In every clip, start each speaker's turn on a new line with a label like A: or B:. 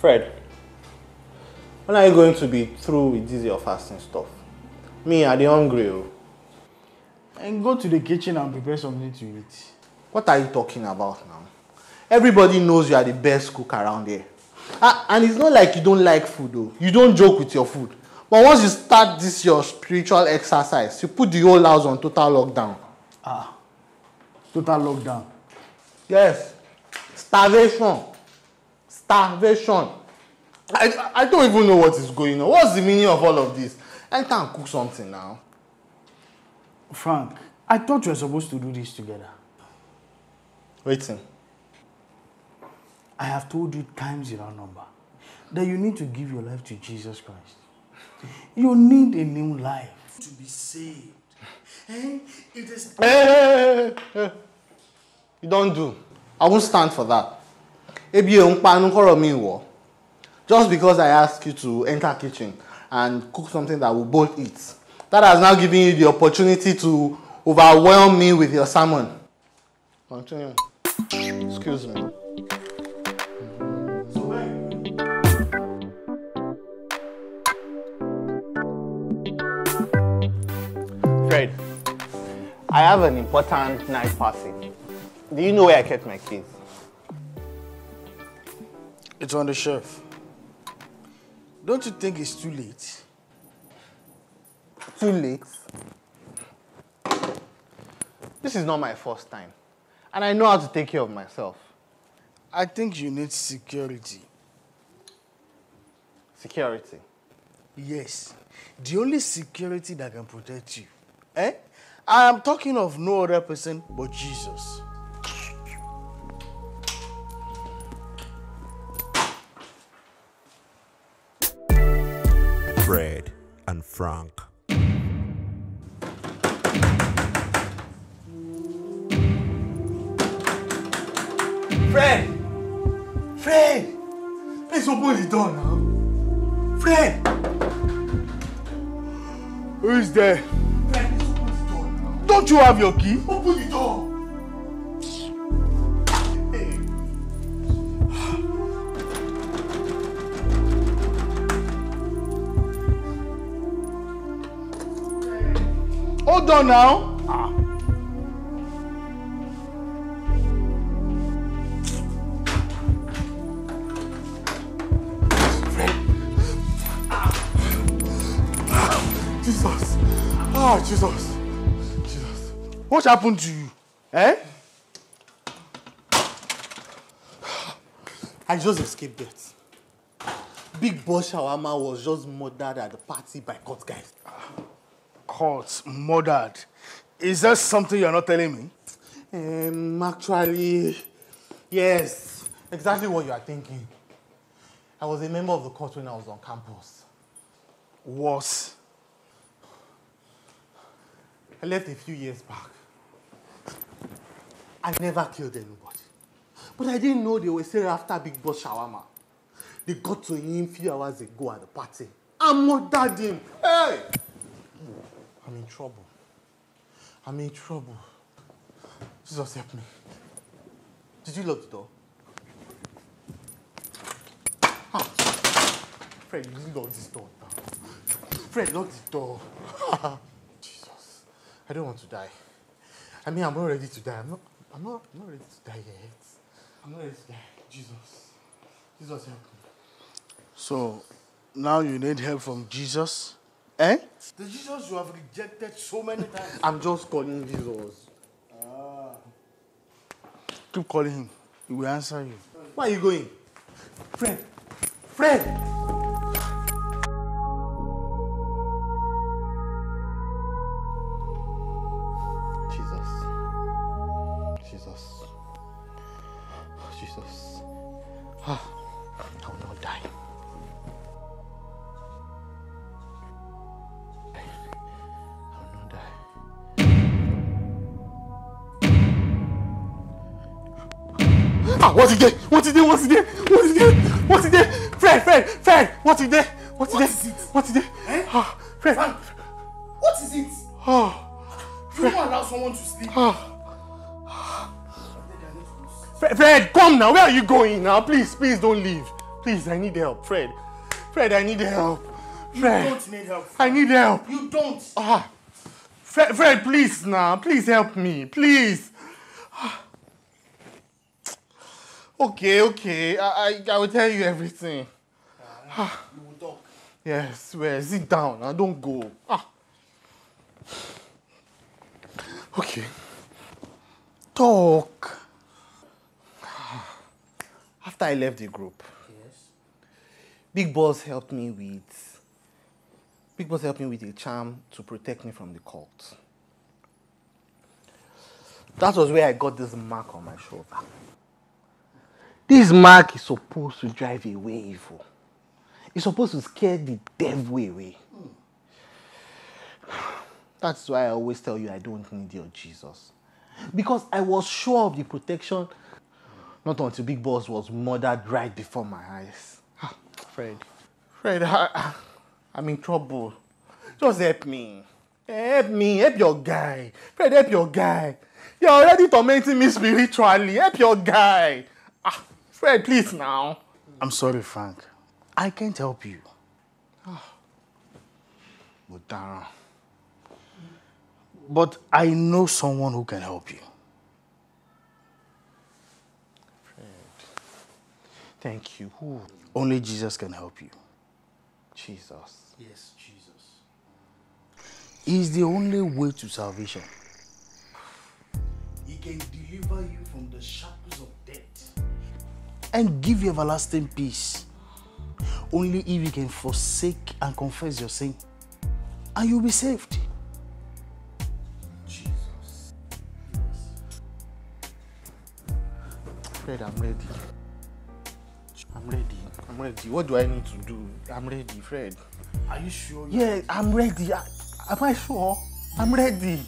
A: Fred, when are you going to be through with this your fasting stuff? Me, I the hungry. Oh. And go to the kitchen and prepare something to eat. What are you talking about now? Everybody knows you are the best cook around here. Ah, and it's not like you don't like food though. You don't joke with your food. But once you start this your spiritual exercise, you put the whole house on total lockdown. Ah, total lockdown. Yes, starvation starvation i i don't even know what is going on what's the meaning of all of this enter and cook something now. frank i thought you were supposed to do this together. wetin. i have told you times without number that you need to give your life to jesus christ you need a new life to be saved. Hey, eh? it is. Hey, eh, eh, hey, hey, hey. You don't do. I won't stand for that ebi ò ń panu kọ́rọ̀ mi wọ̀ just because I ask you to enter kitchen and cook something that we both eat that has now given you the opportunity to overwhelm me with your sermon. Continue. Excuse me. Fred, I have an important night party. Do you know where I kept my keys? It's on the shelf. Don't you think it's too late? Too late? This is not my first time. And I know how to take care of myself. I think you need security. Security? Yes. The only security that can protect you. Eh? I am talking of no other person but Jesus. and Frank. Fred! Fred! Please open the door now. Fred! Who is there? Fred, please open the door now. Don't you have your key? Open the hold on now. Ah. Jesus. Ah, oh, Jesus. Jesus. What happened to you? Eh? I just escaped death. Big boss Shawama was just murdered at the party by court guys hurt, murdered. Is that something you're not telling me? Um, actually, yes. Exactly what you are thinking. I was a member of the court when I was on campus. Was? I left a few years back. I never killed anybody. But I didn't know they were still after Big Boss Shawarma. They got to him a few hours ago at the party. I murdered him. Hey! trouble. I'm in trouble. Jesus help me. Did you lock the door? Huh. Ah. Fred, you didn't lock this door down. Fred, lock the door. Jesus. I don't want to die. I mean, I'm not ready to die. I'm not, I'm not, I'm not ready to die yet. I'm not ready to die. Jesus. Jesus help me. So, now you need help from Jesus? Eh? The Jesus you have rejected so many times. I'm just calling Jesus. Ah. Keep calling him. He will answer you. Where are you going? Friend. Friend. Jesus. Jesus. Jesus. Ah. wọ́n ti dé wọ́n ti dé wọ́n ti dé wọ́n ti dé wọ́n ti dé Fred Fred Fred wọ́n ti dé wọ́n ti dé wọ́n ti dé eh? ah, Fred. What is it? Oh, you don't allow someone to sleep. Ah. Fred, come now. Where are you going now? Please, please don't leave. Please, I need help, Fred. Fred, I need help. Fred, you don't need help. I need help. You don't. Ah, Fred, Fred, please now. Please help me. Please. Okay, okay. I, I, I will tell you everything. Uh, you will talk. Yes, well, sit down. Uh, don't go. Ah. Okay. Talk. After I left the group, yes. Big Boss helped me with. Big Boss helped me with a charm to protect me from the cult. That was where I got this mark on my shoulder. This mark is supposed to drive away evil. It's supposed to scare the devil away. That's why I always tell you I don't need your Jesus. Because I was sure of the protection not until Big Boss was murdered right before my eyes. Ah, Fred. Fred, I, I'm in trouble. Just help me. Help me. Help your guy. Fred, help your guy. You're already tormenting me spiritually. Help your guy. Ah. Fred, please now. I'm sorry, Frank. I can't help you. Ah. But I know someone who can help you. Fred. Thank you. Who? Only Jesus can help you. Jesus. Yes, Jesus. He's the only way to salvation. He can deliver you from the shackles. and give you everlasting peace. Only if you can forsake and confess your sin, and you'll be saved. Jesus. yes. Fred, I'm ready. I'm ready. I'm ready. What do I need to do? I'm ready, Fred. Are you sure? Yeah, ready? I'm ready. I, am I sure? I'm ready.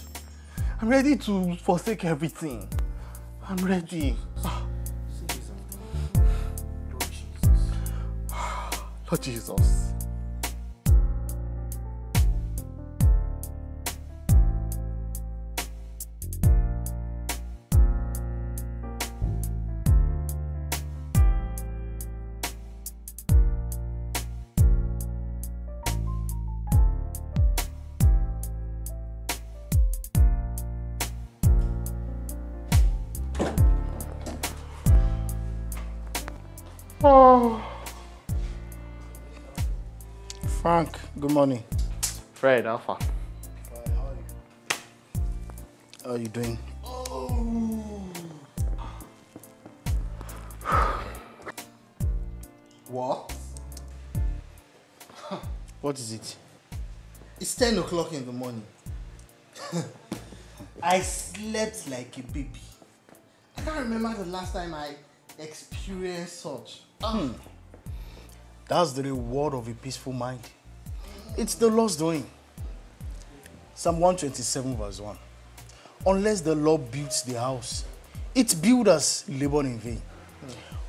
A: I'm ready to forsake everything. I'm ready. Ah. for Jesus. Oh. Frank, good morning. Fred, Alpha. Fred, how are you? How are you doing? Oh. what? what is it? It's 10 o'clock in the morning. I slept like a baby. I can't remember the last time I experienced such. Ah. Hmm. That's the reward of a peaceful mind. It's the Lord's doing. Psalm 127, verse 1. Unless the Lord builds the house, its builders labor in vain.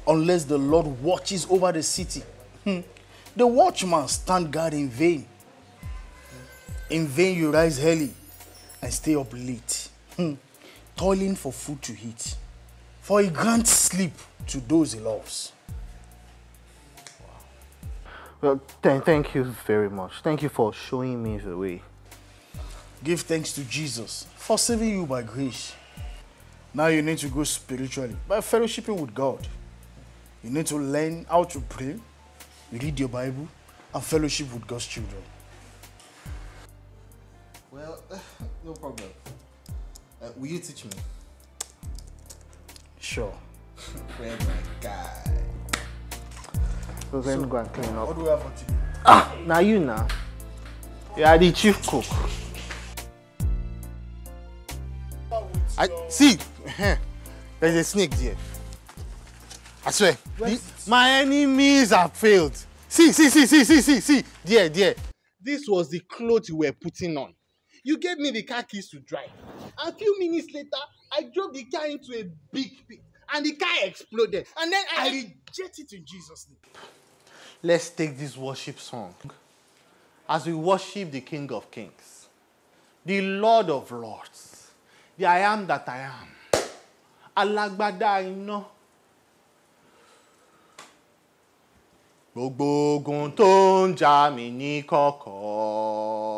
A: Unless the Lord watches over the city, hmm, the watchman stand guard in vain. In vain you rise early and stay up late, hmm, toiling for food to eat. For he grants sleep to those he loves. Well, th- thank you very much. Thank you for showing me the way. Give thanks to Jesus for saving you by grace. Now you need to grow spiritually by fellowshipping with God. You need to learn how to pray, you read your Bible, and fellowship with God's children. Well, no problem. Uh, will you teach me? Sure. Pray my guy. So let me go and clean up. What do we have for tea? Ah, now you now. You are the chief cook. I see. There's a snake there. I swear. my enemies have failed. See, see, see, see, see, see, see. There, there. This was the clothes you were putting on. You gave me the car keys to drive. A few minutes later, I drove the car into a big pit and the car exploded. And then I, I reject it in Jesus' name. Let's take this worship song as we worship the King of Kings, the Lord of Lords, the I am that I am. Alágbádá iná. Gbogbo tó ń jà mí ní kọ̀kọ̀.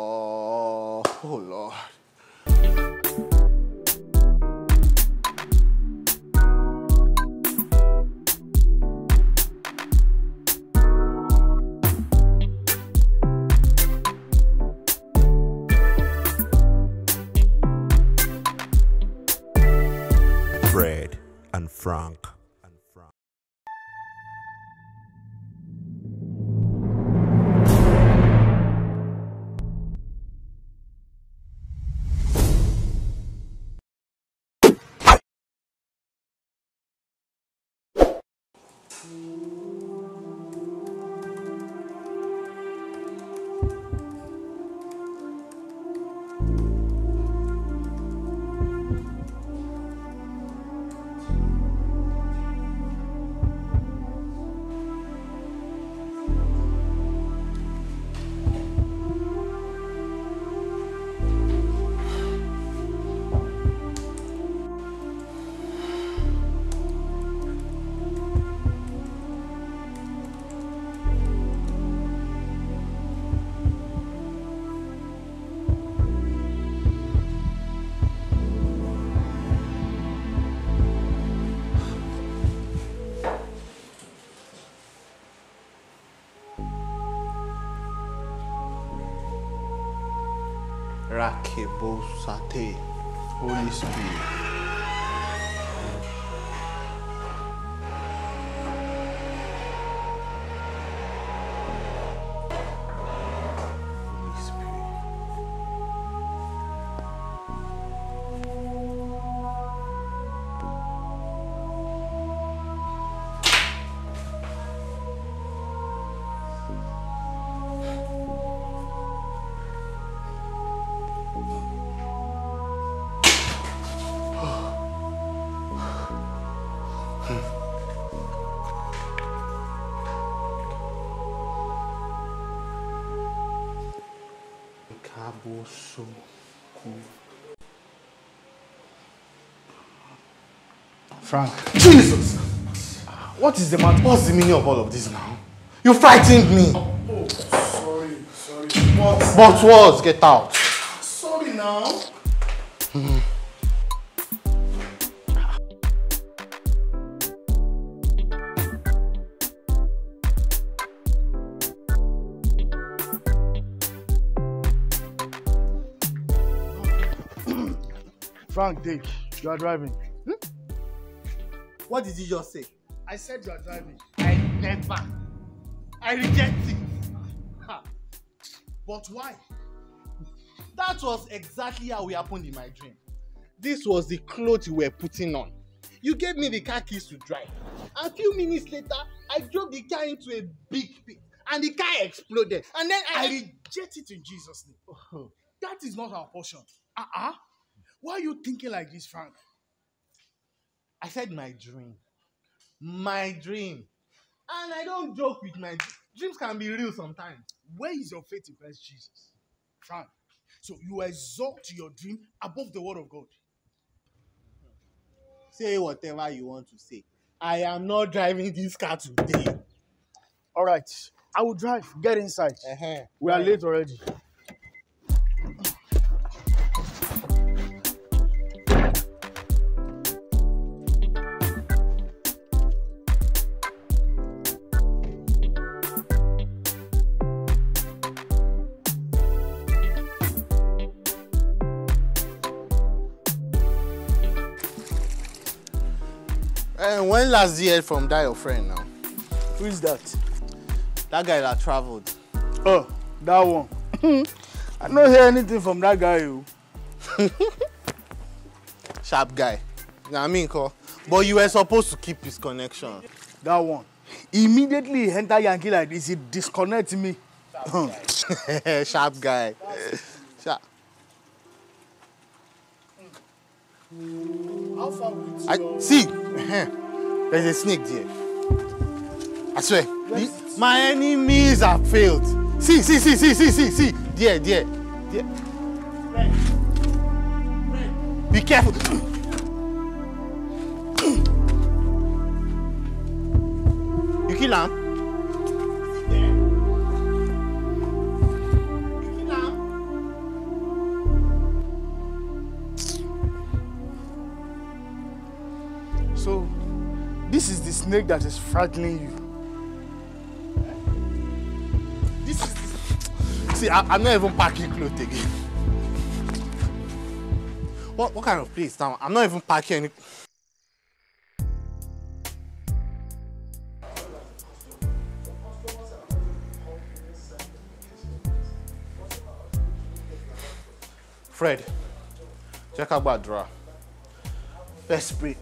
A: Frank. que até o espírito Frank. Jesus! What is the matter? What's the meaning of all of this now? You frightened me. Oh, sorry, sorry. Both but Get out. Sorry now. Frank Dick, you are driving. What did you just say? I said you are driving. I never. I reject it. But why? That was exactly how it happened in my dream. This was the clothes you were putting on. You gave me the car keys to drive. A few minutes later, I drove the car into a big pit and the car exploded. And then I, I reject it in Jesus' name. That is not our portion. Uh-uh. Why are you thinking like this, Frank? I said my dream. My dream. And I don't joke with my dreams can be real sometimes. Where is your faith in Christ Jesus? Fine. So you exalt your dream above the word of God. Say whatever you want to say. I am not driving this car today. All right. I will drive. Get inside. Uh -huh. We are late already. And when last you heard from that your friend now? Who is that? That guy that traveled. Oh, that one. I don't hear anything from that guy. You. Oh. Sharp guy. Now I mean, ko. But you were supposed to keep his connection. That one. Immediately enter Yankee like this, he disconnect me. Sharp guy. Sharp guy. Sharp. How far would you I, See. Eh, There's a snake there. I swear. The, my enemies have failed. See, see, see, see, see, see, see. There, there, there. Red. Red. Be careful. you kill him? snake that is frightening you. This is. See, I, I'm not even packing clothes again. What, what kind of place now? I'm not even packing any. Fred, out my drawer. Let's breathe.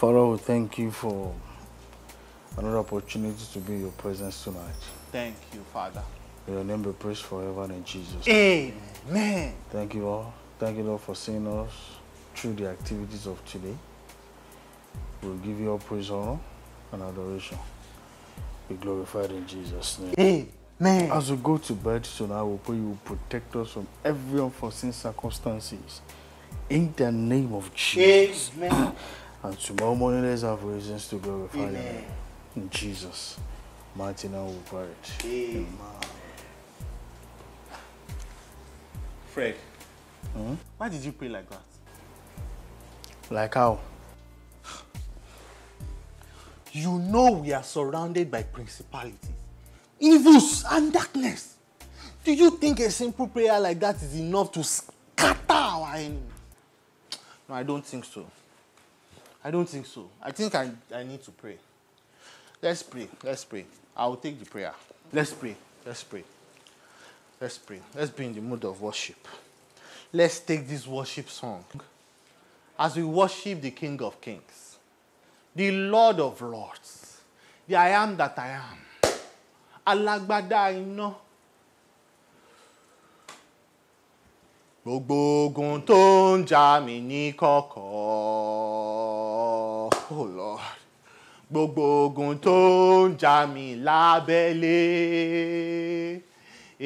A: Father, we thank you for another opportunity to be in your presence tonight. Thank you, Father. May your name be praised forever in Jesus. Amen. Thank you all. Thank you, Lord, for seeing us through the activities of today. We'll give you all praise, honor, and adoration. Be glorified in Jesus' name. Amen. As we go to bed tonight, we pray you will protect us from every unforeseen circumstances. In the name of Jesus. Amen. And tomorrow morning, let's have reasons to glorify Amen. your In Jesus' mighty name we pray. Amen. Fred, hmm? why did you pray like that? Like how? You know we are surrounded by principalities, evils, and darkness. Do you think a simple prayer like that is enough to scatter our enemy? No, I don't think so. I don't think so. I think I, I need to pray. Let's pray. Let's pray. I will take the prayer. Let's pray. Let's pray. Let's pray. Let's be in the mood of worship. Let's take this worship song as we worship the King of Kings, the Lord of Lords, the I am that I am. Alagbada iná. Gbogbo ogun tó ń jà mí ní kọ̀kọ̀. Oh Lord. Gbogbo ogun tó ń jà mí lábẹ́lé.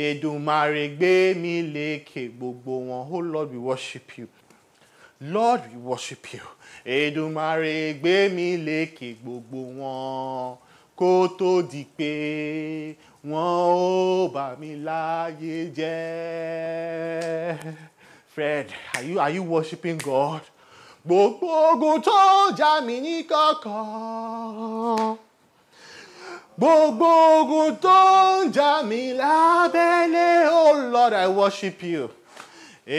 A: Èdùmàrè gbé mi lékè gbogbo wọn. Oh Lord, we worship you. Lord, we worship you. Èdùmàrè gbé mi lékè gbogbo wọn. Kó tó di pé wọn ò bà mí láyé jẹ́. Fred, are you, are you worshiping God? gbogbo ogun tó jà mí ní kọ̀kọ̀ gbogbo tó ń jà mí lábẹ́lé oh lord i worship you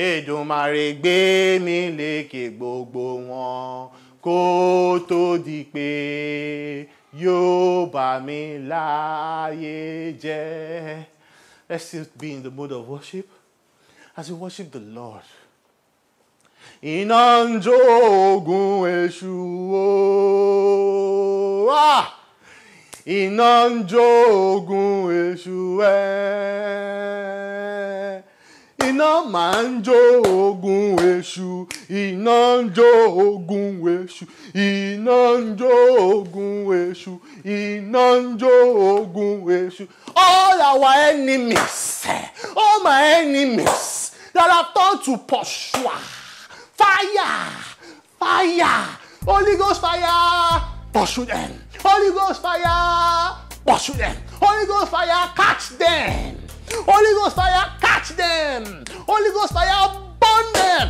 A: èdùmàrè gbé mi lékè gbogbo wọn kó tó di pé yóò bà mí láàyè jẹ́ let's still be in the mood of worship as we worship the lord iná ń jó ogun èṣù o oh, ah! iná ń jó ogun èṣù ẹ eh. iná máa ń jó ogun èṣù iná ń jó ogun èṣù iná ń jó ogun èṣù iná ń jó ogun èṣù all our enemies eh, all my enemies that are turned to pursue. Fire! Fire! Holy Ghost fire! Pursue them. Holy Ghost fire! Pursue them. Holy Ghost fire! Catch them. Holy Ghost fire! Catch them. Holy Ghost fire! Burn them.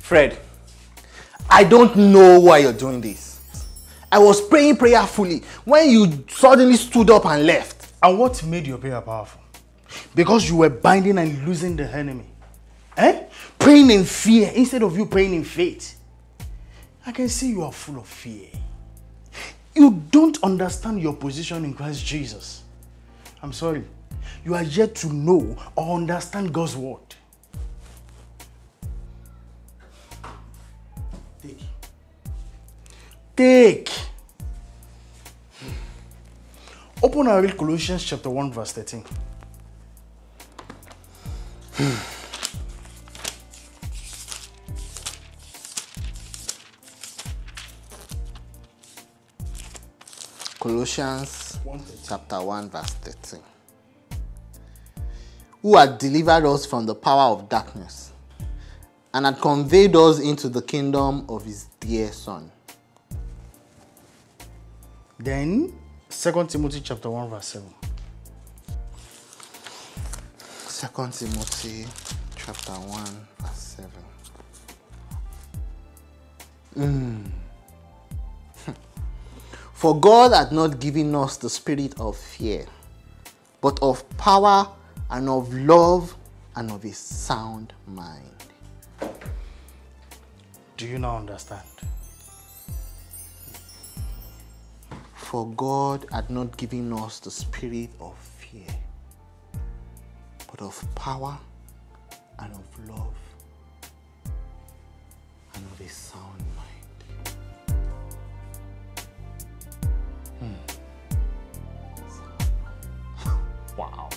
A: Fred, I don't know why you're doing this. I was praying prayerfully when you suddenly stood up and left. And what made your prayer powerful? Because you were binding and losing the enemy. Eh? Praying in fear instead of you praying in faith. I can see you are full of fear. You don't understand your position in Christ Jesus. I'm sorry. You are yet to know or understand God's word. take. Open our read Colossians chapter 1, verse 13. Colossians chapter 1, verse 13. Who had delivered us from the power of darkness and had conveyed us into the kingdom of his dear Son, then 2 Timothy chapter 1 verse 7. 2 Timothy chapter 1 verse 7. Mm. For God hath not given us the spirit of fear, but of power and of love and of a sound mind. Do you now understand? For God had not given us the spirit of fear, but of power and of love and of a sound mind. Hmm. wow.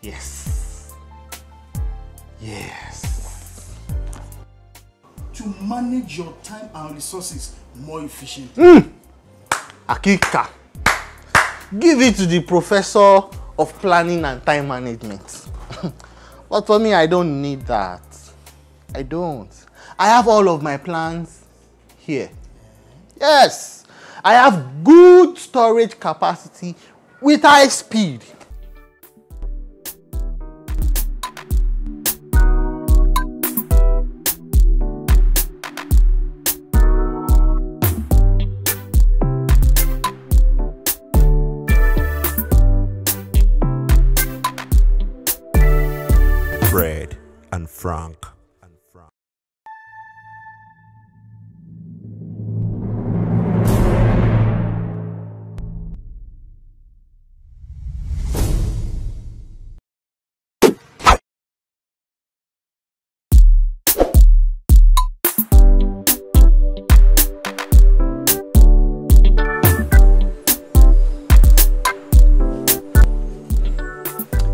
A: Yes. Yes. to manage your time and resources more efficiently. Mm. Akika, give it to the professor of planning and time management. But for me, I don't need that. I don't. I have all of my plans here. Yes, I have good storage capacity with high speed.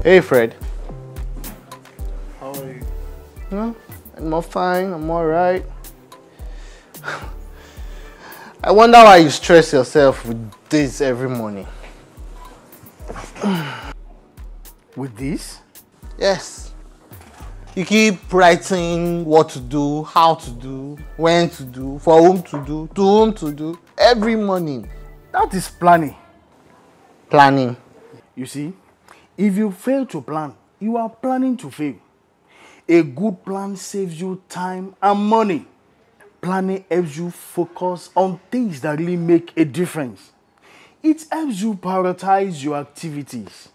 A: Hey, Fred. How are you? I'm all fine. I'm all right. I wonder why you stress yourself with this every morning. with this? Yes. You keep writing what to do, how to do, when to do, for whom to do, to whom to do, every morning. That is planning. Planning. You see, If you fail to plan, you are planning to fail. A good plan saves you time and money. Planning helps you focus on things that really make a difference. It helps you prioritize your activities.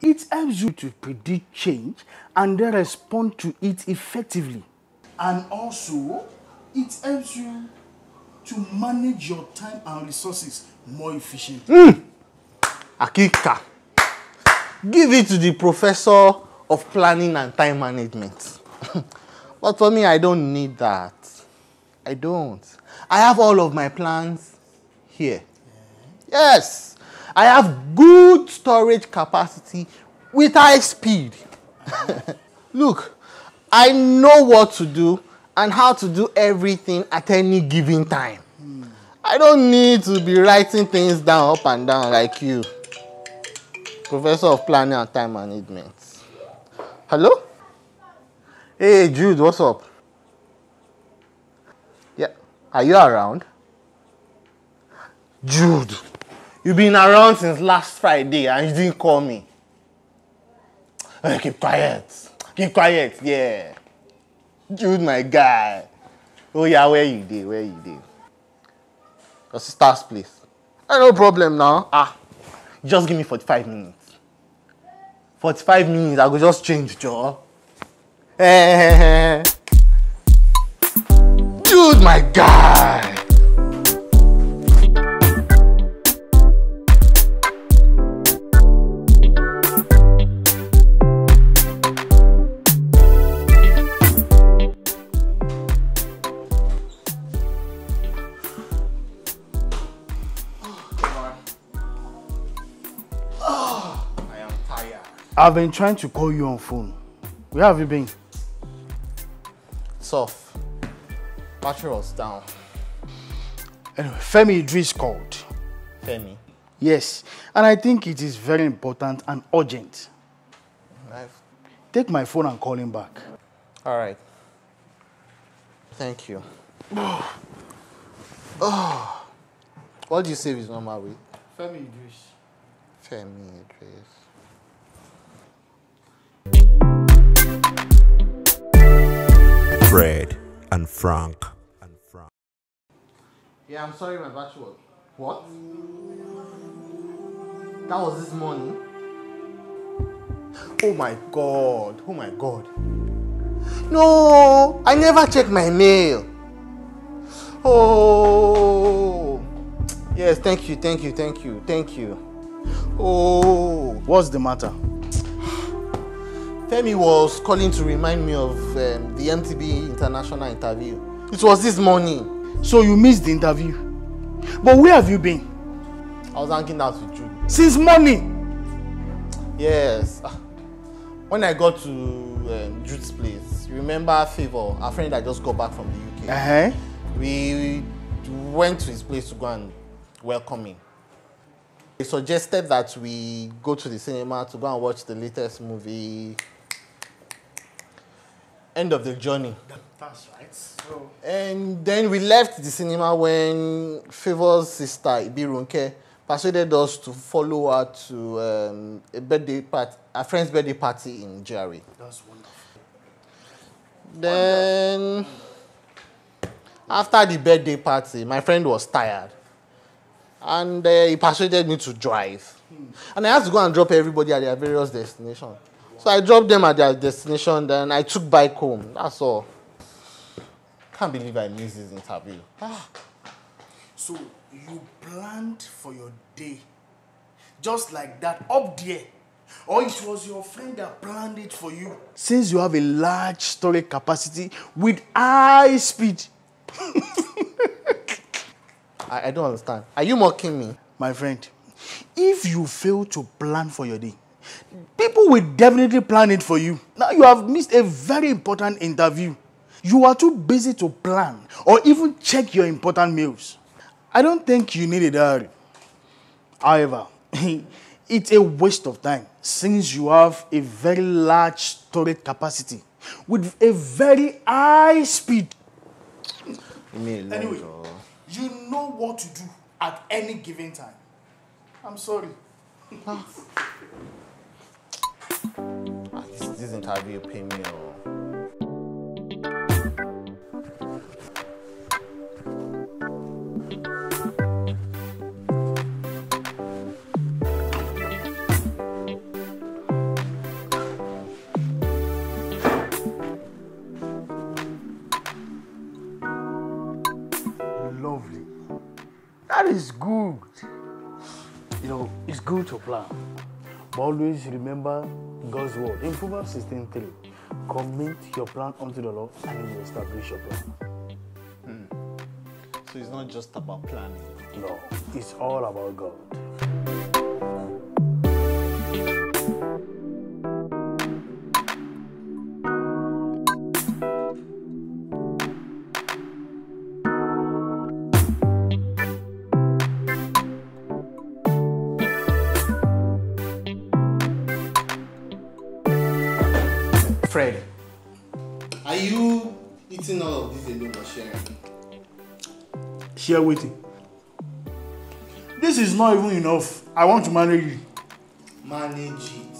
A: It helps you to predict change and then respond to it effectively. And also, it helps you to manage your time and resources more efficiently. Mm. Akika. Give it to the professor of planning and time management. but for me, I don't need that. I don't. I have all of my plans here. Yes, I have good storage capacity with high speed. Look, I know what to do and how to do everything at any given time. Hmm. I don't need to be writing things down up and down like you. Professor of Planning and Time Management. Hello? Hey, Jude, what's up? Yeah, are you around? Jude, you've been around since last Friday and you didn't call me. Hey, keep quiet. Keep quiet, yeah. Jude, my guy. Oh, yeah, where you did? Where you did? Your sister's place. Eh, no problem now. Ah, just give me 45 minutes. 45 minutes i go just change jọ. Eh, eh, eh, dude my guy. I've been trying to call you on phone. Where have you been? It's off. Battery was down. Anyway, Femi Idris called. Femi? Yes, and I think it is very important and urgent. I've... Take my phone and call him back. All right. Thank you. Oh. oh. What do you save his number way. Femi Idris. Femi Idris. Fred and Frank. Yeah, I'm sorry, my batch was. What? That was this morning. Oh my god, oh my god. No, I never checked my mail. Oh, yes, thank you, thank you, thank you, thank you. Oh, what's the matter? Femi was calling to remind me of um, the MTB international interview. It was this morning. So you missed the interview. But where have you been? I was hanging out with you. Since morning? Yes. When I got to um, Jude's place, remember Favour, our friend that just got back from the UK? Uh-huh. We went to his place to go and welcome him. He suggested that we go to the cinema to go and watch the latest movie end of the journey. That's right. So. And then we left the cinema when Favor's sister Ibirunke persuaded us to follow her to um, a birthday party, a friend's birthday party in Jerry. That's wonderful. Then, wonderful. after the birthday party, my friend was tired, and uh, he persuaded me to drive, hmm. and I had to go and drop everybody at their various destinations. So I dropped them at their destination, then I took bike home. That's all. Can't believe I missed this interview. Ah. So you planned for your day just like that up there. Or it was your friend that planned it for you. Since you have a large storage capacity with high speed. I, I don't understand. Are you mocking me? My friend, if you fail to plan for your day, People will definitely plan it for you. Now you have missed a very important interview. You are too busy to plan or even check your important meals. I don't think you need a diary. However, it's a waste of time since you have a very large storage capacity with a very high speed. Anyway, uh, you know what to do at any given time. I'm sorry. This, this interview pay me Lovely. That is good. You know, it's good to plan. But always remember God's word. In Proverbs 16 3, commit your plan unto the Lord and he will establish your plan. Hmm. So it's not just about planning. No, it's all about God. bread. Are you eating all of this alone or sharing? Share with you. This is not even enough. I want to manage you. Manage you.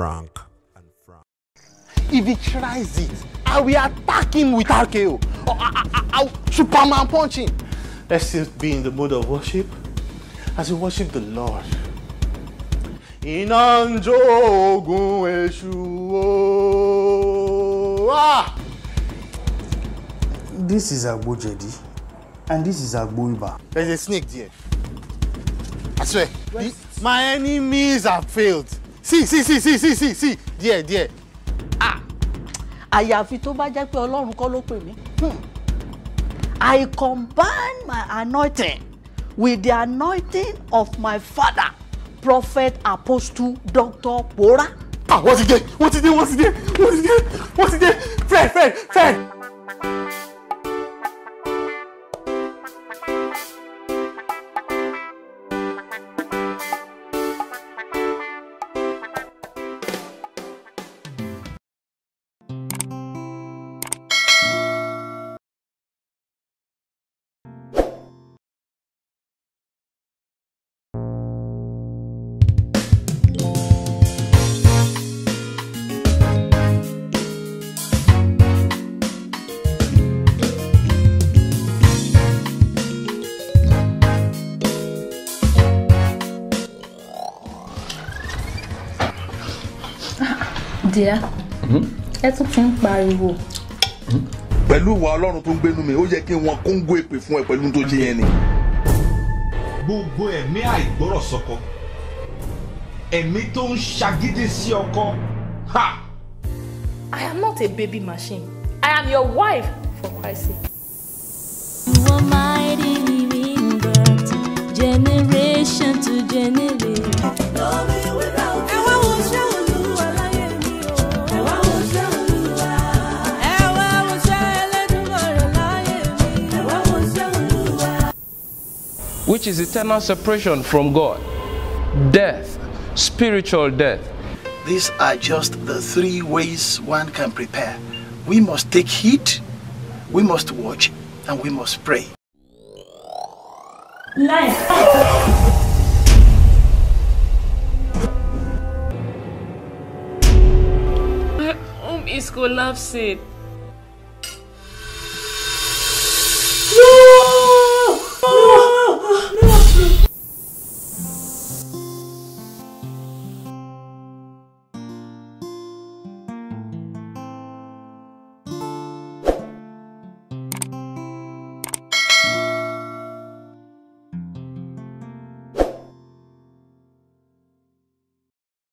A: Frank. If he tries it, I will attack him with RKO. Or I, uh, will uh, uh, Superman punch him. Let's just be in the mood of worship as we worship the Lord. In ń jó èṣù This is Agbo Jedi and this is Agbo Iba. There's a snake there. I swear, my enemies have failed. sí sí sí sí sí sí sí díẹ̀ díẹ̀. Ah. àyàfi tó bá jẹ́ pé ọlọ́run kọ́ ló pè mí. Hmm. I combine my anointing with the anointing of my father prophet apostle doctor Pora. ah wọ́n ti dé wọ́n ti dé wọ́n ti dé wọ́n ti dé wọ́n ti dé fred fred fred. dìrá mhm. ẹ tún ti ń pariwo. Mhm. pẹ̀lú ìwà ọlọ́run tó ń gbénu mi ó yẹ kí wọn kóńgó èpè fún ẹ pẹ̀lú tó ṣe yẹn ni. gbogbo ẹ̀mí àìgbọ́rọ̀ ẹ̀mí tó ń ṣagídí sí ọkọ. I am not a baby machine. I am your wife for Christ's sake. You are my living birth, generation to which is eternal separation from God, death, spiritual death. These are just the three ways one can prepare. We must take heed, we must watch, and we must pray. Life. is collapsing. No!